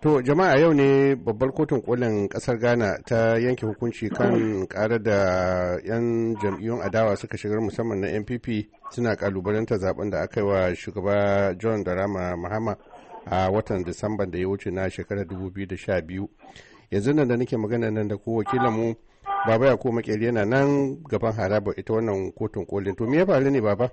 To jama'a yau ne babbar kotun kolin kasar Ghana ta yanke hukunci kan karar da 'yan jam'iyyun adawa suka shigar musamman na NPP suna kalubalanta zaben da aka yi wa shugaba John Darama Mahama a watan Disamba da ya wuce na shekarar 2012. Yanzu nan da nake magana nan da ko wakilan mu Baba ko Makeri yana nan gaban haraba ita wannan kotun kolin. To me ya faru ne Baba?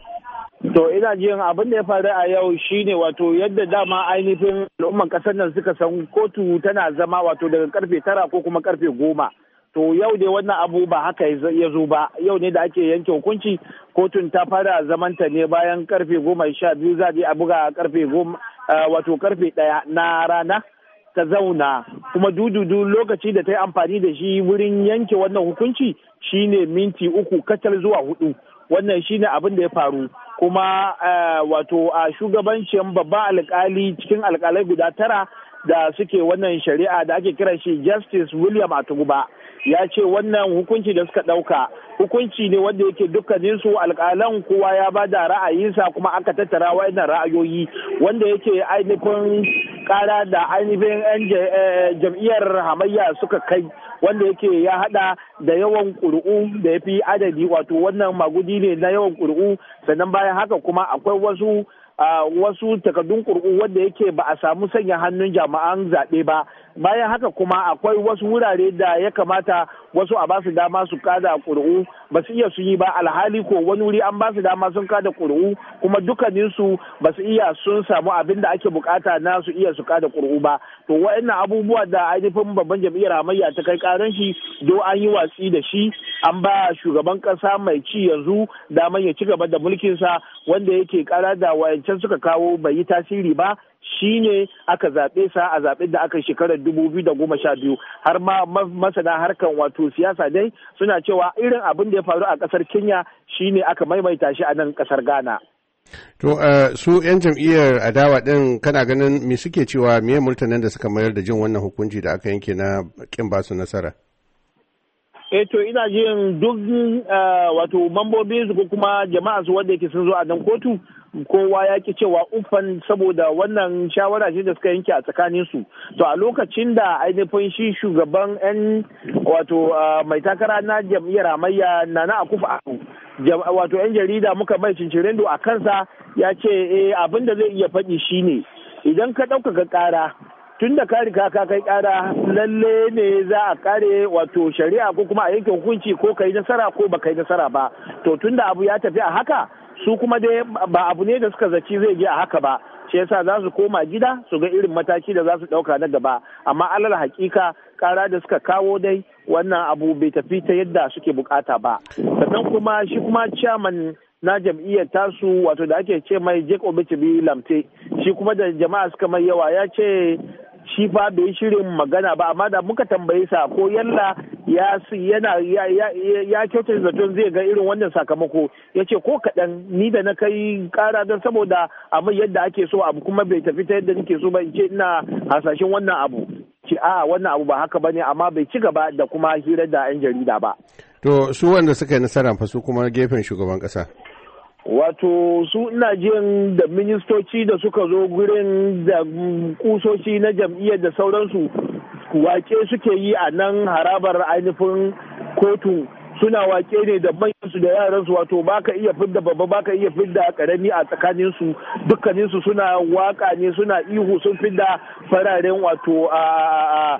To ina jin abin da ya faru a yau shine wato yadda dama ainihin al'umman kasar nan suka san kotu tana zama wato daga karfe tara ko kuma karfe goma. To yau dai wannan abu ba haka ya zo ba yau ne da ake yanke hukunci kotun ta fara zamanta ne bayan karfe goma sha biyu za a buga karfe goma wato karfe ɗaya na rana ta zauna kuma dududu lokaci da ta yi amfani da shi wurin yanke wannan hukunci shine minti uku kacal zuwa hudu wannan shine abin da ya faru kuma eh, wato a shugabancin babban alkali cikin alkalai guda tara da suke wannan shari'a da ake kiran shi justice william atuguba ya ce wannan hukunci da suka ɗauka hukunci ne wanda yake dukkaninsu alƙalan kowa ya ba da ra'ayinsa kuma aka tattara wa'annan ra'ayoyi wanda yake ainihin kara da ainihin 'yan eh, jam'iyyar hamayya suka kai wanda yake ya hada da yawan ƙuri'u da ya fi adadi wato wannan magudi ne na yawan ƙuri'u sannan bayan haka kuma akwai wasu ah, wasu takardun ƙuri'u wanda yake ba a samu sanya hannun jama'an zaɓe ba bayan haka kuma akwai wasu wurare da ya kamata wasu a ba su dama su kada ƙuri'u ba su iya su yi ba alhali ko wani wuri an ba su dama sun kada ƙuri'u kuma dukkaninsu ba su iya sun samu abin da ake bukata na su iya su kada ƙuri'u ba to wa'annan abubuwa da ainihin babban jam'iyyar hamayya ta kai karan shi do an yi watsi da shi an ba shugaban kasa mai ci yanzu damar ya ci gaba da mulkinsa wanda yake kara da wayancan suka kawo bai yi tasiri ba shi ne aka zaɓe sa a zaɓen da aka shekarar dubu da goma sha biyu har ma masana harkan wato siyasa dai suna cewa irin abin da ya faru a ƙasar kenya shi ne aka maimaita shi a nan ƙasar ghana To uh, su 'yan jam'iyyar adawa ɗin kana ganin me suke cewa miye murtanen da suka mayar da jin wannan hukunci da aka yanke na kin basu nasara? eh to ina jin duk uh, wato mambobin su ko kuma jama'a su wanda yake sun zo a nan kotu kowa ya ki cewa ufan saboda wannan shawara ce da suka yanke a tsakanin su to a lokacin da ainihin shi shugaban yan wato uh, mai takara na jam'iyyar hamayya na na akufa wato 'yan jarida muka mai cincirindo a kansa ya ce e abin da zai iya faɗi shine idan ka ɗaukaka ƙara tun da ka riga ka kai ƙara lalle ne za a kare wato shari'a ko kuma a yanke hukunci ko ka yi nasara ko ba ka yi nasara ba to tunda da abu ya tafi a haka su kuma dai ba abu ne da suka zaci zai je a haka ba shi yasa za su koma gida su ga irin mataki da za su ɗauka na gaba amma alal hakika kara da suka kawo dai wannan abu bai tafi ta yadda suke bukata ba sannan kuma shi kuma chairman na jam'iyyar tasu wato da ake ce mai Jacob Bichibi Lamte shi kuma da jama'a suka mai yawa ya ce shi fa bai shirin magana ba amma da muka tambaye sa ko yalla ya yana ya zaton zai ga irin wannan sakamako ya ce ko kaɗan ni da na kai ƙara don saboda amma yadda ake so abu kuma bai tafi ta yadda nake so ba in ce ina hasashen wannan abu ce a wannan abu ba haka bane amma bai ci gaba da kuma hirar da 'yan jarida ba. To su wanda suka yi nasara fa su kuma gefen shugaban ƙasa. wato su ina jin da ministoci da suka zo gurin da kusoci na jam'iyyar da sauransu wake suke yi a nan harabar ainihin kotun suna wake ne da manyansu da yaransu wato baka iya fidda babba baka iya fidda karami a tsakanin su. Dukkanin su suna waka ne suna ihu sun fidda fararen wato a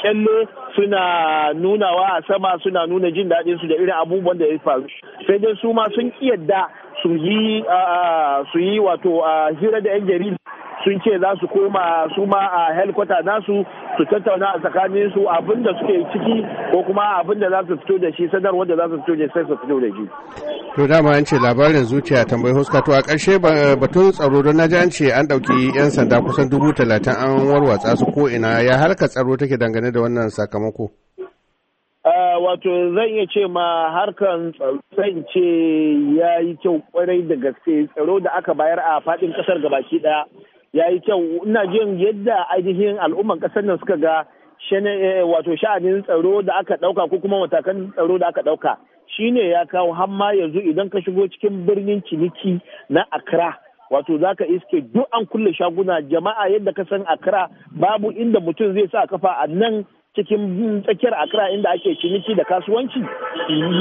kyalle suna nunawa a sama suna nuna jin daɗin su da irin abubuwan da ya faru sai dai su ma sun kiyarda su yi wato hira da yan jarida sun ce za su koma su ma a helikwata nasu su tattauna a tsakanin su abin da suke ciki ko kuma abin da za su fito da shi sadarwar da za su fito da sai su fito da shi. To dama an ce labarin zuciya tambayi huska to a ƙarshe batun tsaro don na ji an ce an ɗauki 'yan sanda kusan dubu talatin an warwatsa su ko ina ya harka tsaro take dangane da wannan sakamako. Eh, wato zan iya ce ma harkan tsaron ce ya yi kyau kwarai da gaske tsaro da aka bayar a faɗin ƙasar gabaki daya. ya yi kyau ina jin yadda ainihin al'umman kasar nan suka ga eh, wato sha'anin tsaro da aka ɗauka ko kuma matakan tsaro da aka dauka shine ya kawo hamma yanzu idan ka shigo cikin birnin ciniki na Accra wato za ka iske duk an kulle shaguna jama'a yadda ka san Accra babu inda mutum zai sa kafa a nan cikin tsakiyar Accra inda ake ciniki da kasuwanci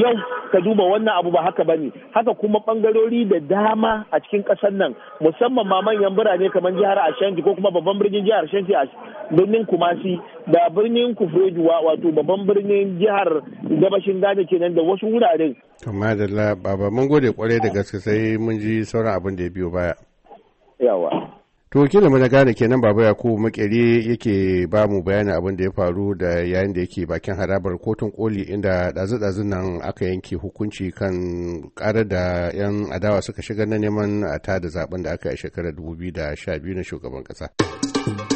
yau ka duba wannan abu ba haka ba ne haka kuma bangarori da dama a cikin kasar nan musamman ma manyan birane kamar jihar Ashanti ko kuma babban birnin jihar Ashanti a birnin Kumasi da birnin Kufrejuwa wato babban birnin jihar gabashin Ghana kenan da wasu wuraren amma da baba mun gode kwarai da gaske sai mun ji sauran abin da ya biyo baya yawa to wakilin mana na gane kenan baba yakubu makeri yake ba mu bayanin abin da ya faru da yayin da yake bakin harabar kotun koli inda dazu dazu nan aka yanke hukunci kan karar da yan adawa suka shiga na neman a tada zaben da aka yi a shekarar 2012 na shugaban kasa.